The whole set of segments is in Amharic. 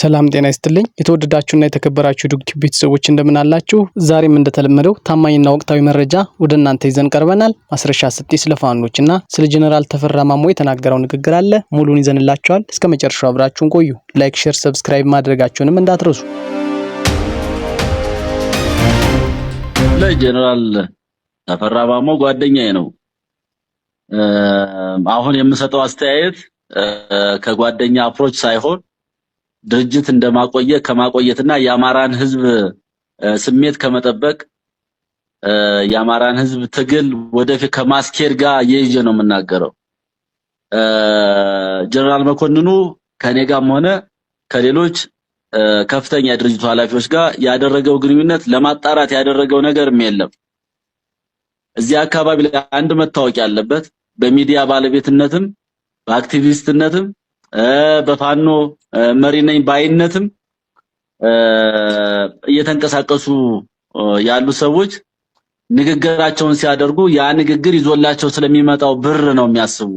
ሰላም ጤና ይስጥልኝ። የተወደዳችሁና የተከበራችሁ ዱግቲ ቤተሰቦች እንደምን አላችሁ? ዛሬም እንደተለመደው ታማኝና ወቅታዊ መረጃ ወደ እናንተ ይዘን ቀርበናል። ማስረሻ ስጤ ስለ ፋኖችና ስለ ጀኔራል ተፈራ ማሞ የተናገረው ንግግር አለ። ሙሉን ይዘንላችኋል። እስከ መጨረሻው አብራችሁን ቆዩ። ላይክ፣ ሼር፣ ሰብስክራይብ ማድረጋችሁንም እንዳትረሱ። ለጀኔራል ተፈራ ማሞ ጓደኛዬ ነው። አሁን የምሰጠው አስተያየት ከጓደኛ አፕሮች ሳይሆን ድርጅት እንደማቆየት ከማቆየትና የአማራን ህዝብ ስሜት ከመጠበቅ የአማራን ህዝብ ትግል ወደፊት ከማስኬድ ጋር እየይዤ ነው የምናገረው። ጀነራል መኮንኑ ከኔ ጋርም ሆነ ከሌሎች ከፍተኛ የድርጅቱ ኃላፊዎች ጋር ያደረገው ግንኙነት ለማጣራት ያደረገው ነገርም የለም። እዚህ አካባቢ ላይ አንድ መታወቂያ አለበት በሚዲያ ባለቤትነትም በአክቲቪስትነትም በፋኖ መሪ ነኝ ባይነትም እየተንቀሳቀሱ ያሉ ሰዎች ንግግራቸውን ሲያደርጉ ያ ንግግር ይዞላቸው ስለሚመጣው ብር ነው የሚያስቡ።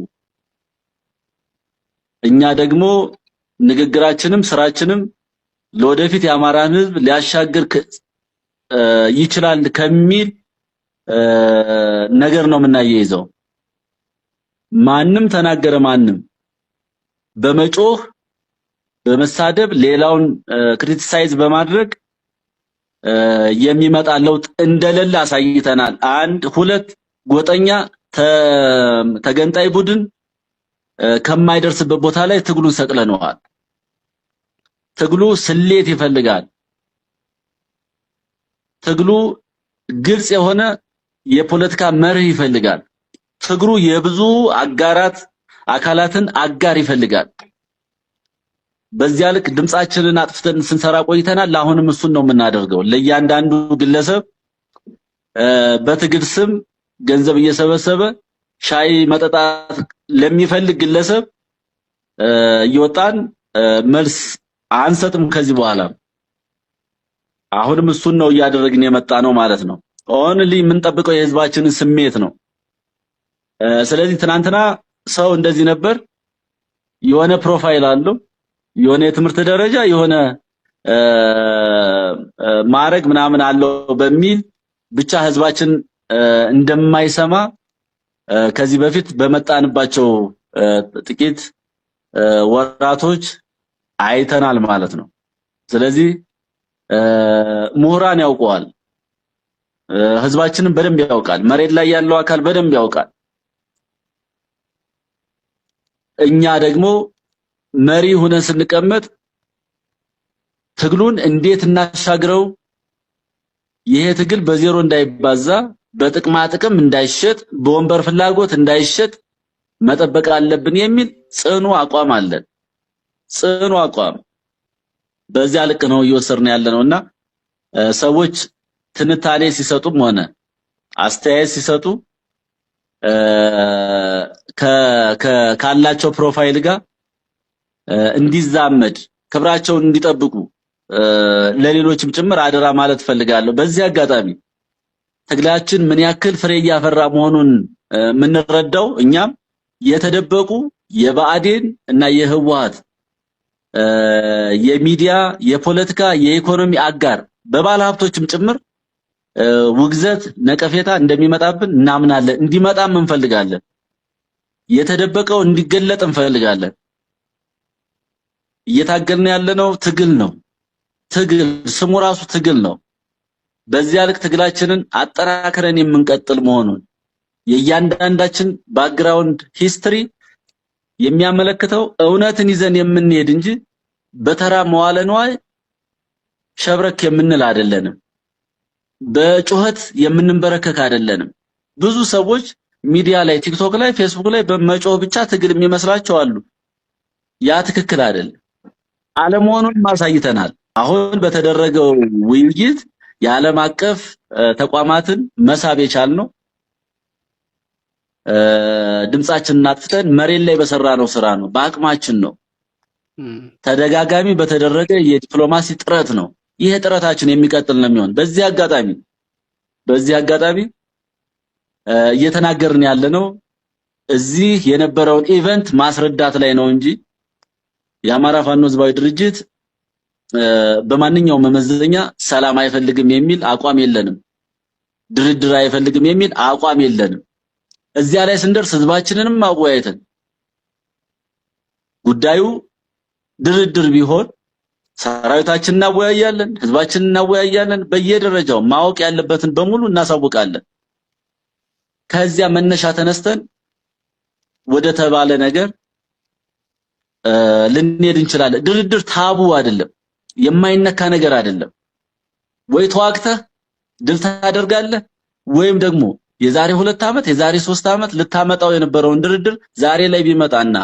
እኛ ደግሞ ንግግራችንም ስራችንም ለወደፊት የአማራን ሕዝብ ሊያሻግር ይችላል ከሚል ነገር ነው የምናያይዘው። ማንም ተናገረ ማንም በመጮህ በመሳደብ ሌላውን ክሪቲሳይዝ በማድረግ የሚመጣ ለውጥ እንደሌለ አሳይተናል። አንድ ሁለት ጎጠኛ ተገንጣይ ቡድን ከማይደርስበት ቦታ ላይ ትግሉን ሰቅለነዋል። ትግሉ ስሌት ይፈልጋል። ትግሉ ግልጽ የሆነ የፖለቲካ መርህ ይፈልጋል። ትግሩ የብዙ አጋራት አካላትን አጋር ይፈልጋል። በዚያ ልክ ድምጻችንን አጥፍተን ስንሰራ ቆይተናል። አሁንም እሱን ነው የምናደርገው። ለእያንዳንዱ ግለሰብ በትግል ስም ገንዘብ እየሰበሰበ ሻይ መጠጣት ለሚፈልግ ግለሰብ እየወጣን መልስ አንሰጥም ከዚህ በኋላ። አሁንም እሱን ነው እያደረግን የመጣ ነው ማለት ነው። ኦንሊ የምንጠብቀው የህዝባችንን ስሜት ነው። ስለዚህ ትናንትና ሰው እንደዚህ ነበር። የሆነ ፕሮፋይል አለው፣ የሆነ የትምህርት ደረጃ፣ የሆነ ማዕረግ ምናምን አለው በሚል ብቻ ህዝባችን እንደማይሰማ ከዚህ በፊት በመጣንባቸው ጥቂት ወራቶች አይተናል ማለት ነው። ስለዚህ ምሁራን ያውቀዋል፣ ህዝባችንን በደንብ ያውቃል፣ መሬት ላይ ያለው አካል በደንብ ያውቃል። እኛ ደግሞ መሪ ሆነን ስንቀመጥ ትግሉን እንዴት እናሻግረው፣ ይሄ ትግል በዜሮ እንዳይባዛ፣ በጥቅማ ጥቅም እንዳይሸጥ፣ በወንበር ፍላጎት እንዳይሸጥ መጠበቅ አለብን የሚል ጽኑ አቋም አለን። ጽኑ አቋም በዚያ ልክ ነው እየወሰድን ያለ ነውና ሰዎች ትንታኔ ሲሰጡም ሆነ አስተያየት ሲሰጡ ካላቸው ፕሮፋይል ጋር እንዲዛመድ ክብራቸውን እንዲጠብቁ ለሌሎችም ጭምር አደራ ማለት ፈልጋለሁ። በዚህ አጋጣሚ ትግላችን ምን ያክል ፍሬ እያፈራ መሆኑን የምንረዳው እኛም የተደበቁ የብአዴን እና የህወሓት የሚዲያ፣ የፖለቲካ፣ የኢኮኖሚ አጋር በባለ ሀብቶችም ጭምር ውግዘት፣ ነቀፌታ እንደሚመጣብን እናምናለን፣ እንዲመጣም እንፈልጋለን። የተደበቀው እንዲገለጥ እንፈልጋለን። እየታገልን ያለነው ትግል ነው። ትግል ስሙ ራሱ ትግል ነው። በዚያ ልክ ትግላችንን አጠናክረን የምንቀጥል መሆኑን የእያንዳንዳችን ባክግራውንድ ሂስትሪ የሚያመለክተው እውነትን ይዘን የምንሄድ እንጂ በተራ መዋለ ንዋይ ሸብረክ የምንል አይደለንም። በጩኸት የምንበረከክ አይደለንም። ብዙ ሰዎች ሚዲያ ላይ ቲክቶክ ላይ ፌስቡክ ላይ በመጮህ ብቻ ትግል የሚመስላቸው አሉ። ያ ትክክል አይደለም አለመሆኑንም አሳይተናል። አሁን በተደረገው ውይይት የዓለም አቀፍ ተቋማትን መሳብ የቻልነው ድምጻችንን አጥፍተን መሬት ላይ በሰራነው ስራ ነው፣ በአቅማችን ነው፣ ተደጋጋሚ በተደረገ የዲፕሎማሲ ጥረት ነው። ይሄ ጥረታችን የሚቀጥል ነው የሚሆን በዚህ አጋጣሚ በዚህ አጋጣሚ እየተናገርን ያለ ነው። እዚህ የነበረውን ኢቨንት ማስረዳት ላይ ነው እንጂ የአማራ ፋኖ ህዝባዊ ድርጅት በማንኛውም መመዘኛ ሰላም አይፈልግም የሚል አቋም የለንም። ድርድር አይፈልግም የሚል አቋም የለንም። እዚያ ላይ ስንደርስ ህዝባችንንም አወያይተን ጉዳዩ ድርድር ቢሆን ሰራዊታችንን እናወያያለን፣ ህዝባችንን እናወያያለን። በየደረጃው ማወቅ ያለበትን በሙሉ እናሳውቃለን። ከዚያ መነሻ ተነስተን ወደ ተባለ ነገር ልንሄድ እንችላለን። ድርድር ታቡ አይደለም፣ የማይነካ ነገር አይደለም። ወይ ተዋግተህ ድል ታደርጋለህ ወይም ደግሞ የዛሬ ሁለት ዓመት የዛሬ ሶስት ዓመት ልታመጣው የነበረውን ድርድር ዛሬ ላይ ቢመጣና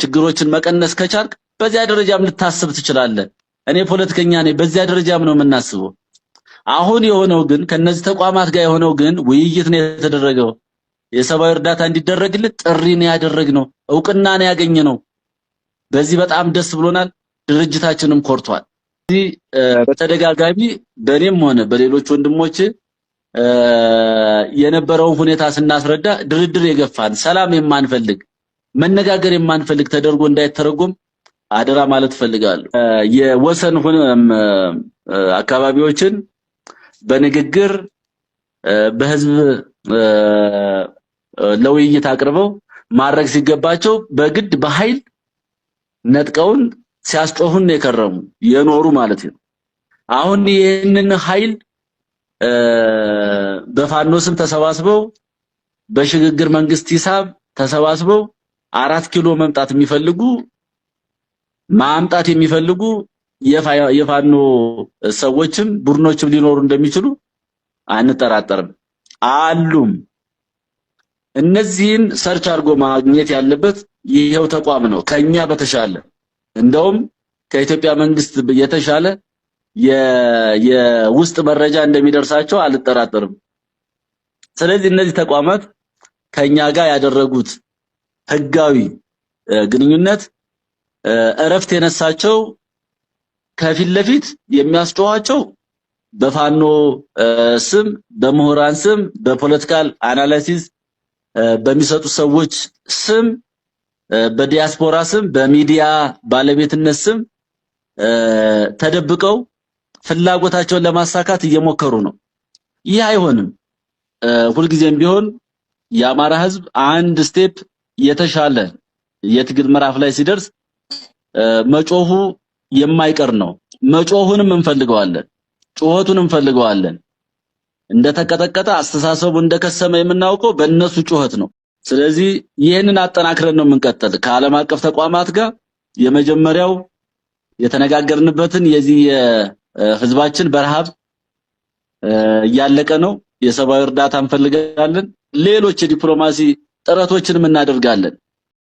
ችግሮችን መቀነስ ከቻልክ በዚያ ደረጃም ልታስብ ትችላለህ። እኔ ፖለቲከኛ ነኝ፣ በዚያ ደረጃም ነው የምናስበው። አሁን የሆነው ግን ከነዚህ ተቋማት ጋር የሆነው ግን ውይይት ነው የተደረገው። የሰብአዊ እርዳታ እንዲደረግልን ጥሪ ነው ያደረግነው። እውቅና ነው ያገኘነው። በዚህ በጣም ደስ ብሎናል። ድርጅታችንም ኮርቷል። እዚህ በተደጋጋሚ በእኔም ሆነ በሌሎች ወንድሞች የነበረውን ሁኔታ ስናስረዳ ድርድር የገፋን ሰላም የማንፈልግ መነጋገር የማንፈልግ ተደርጎ እንዳይተረጎም አደራ ማለት ፈልጋለሁ። የወሰን አካባቢዎችን በንግግር በህዝብ ለውይይት አቅርበው ማድረግ ሲገባቸው በግድ በኃይል ነጥቀውን ሲያስጮሁን የከረሙ የኖሩ ማለት ነው። አሁን ይህንን ኃይል በፋኖ ስም ተሰባስበው በሽግግር መንግስት ሂሳብ ተሰባስበው አራት ኪሎ መምጣት የሚፈልጉ ማምጣት የሚፈልጉ የፋኖ ሰዎችም ቡድኖችም ሊኖሩ እንደሚችሉ አንጠራጠርም፣ አሉም። እነዚህን ሰርች አድርጎ ማግኘት ያለበት ይሄው ተቋም ነው። ከኛ በተሻለ እንደውም ከኢትዮጵያ መንግስት የተሻለ የውስጥ መረጃ እንደሚደርሳቸው አልጠራጠርም። ስለዚህ እነዚህ ተቋማት ከኛ ጋር ያደረጉት ህጋዊ ግንኙነት እረፍት የነሳቸው ከፊት ለፊት የሚያስተዋቸው በፋኖ ስም፣ በምሁራን ስም፣ በፖለቲካል አናላሲስ በሚሰጡ ሰዎች ስም፣ በዲያስፖራ ስም፣ በሚዲያ ባለቤትነት ስም ተደብቀው ፍላጎታቸውን ለማሳካት እየሞከሩ ነው። ይህ አይሆንም። ሁልጊዜም ቢሆን የአማራ ሕዝብ አንድ ስቴፕ የተሻለ የትግል ምዕራፍ ላይ ሲደርስ መጮሁ የማይቀር ነው። መጮሁንም እንፈልገዋለን፣ ጩኸቱን እንፈልገዋለን። እንደተቀጠቀጠ አስተሳሰቡ እንደከሰመ የምናውቀው በእነሱ ጩኸት ነው። ስለዚህ ይህንን አጠናክረን ነው የምንቀጥል ከዓለም አቀፍ ተቋማት ጋር የመጀመሪያው የተነጋገርንበትን የዚህ የህዝባችን በረሃብ እያለቀ ነው። የሰብአዊ እርዳታ እንፈልጋለን። ሌሎች የዲፕሎማሲ ጥረቶችንም እናደርጋለን።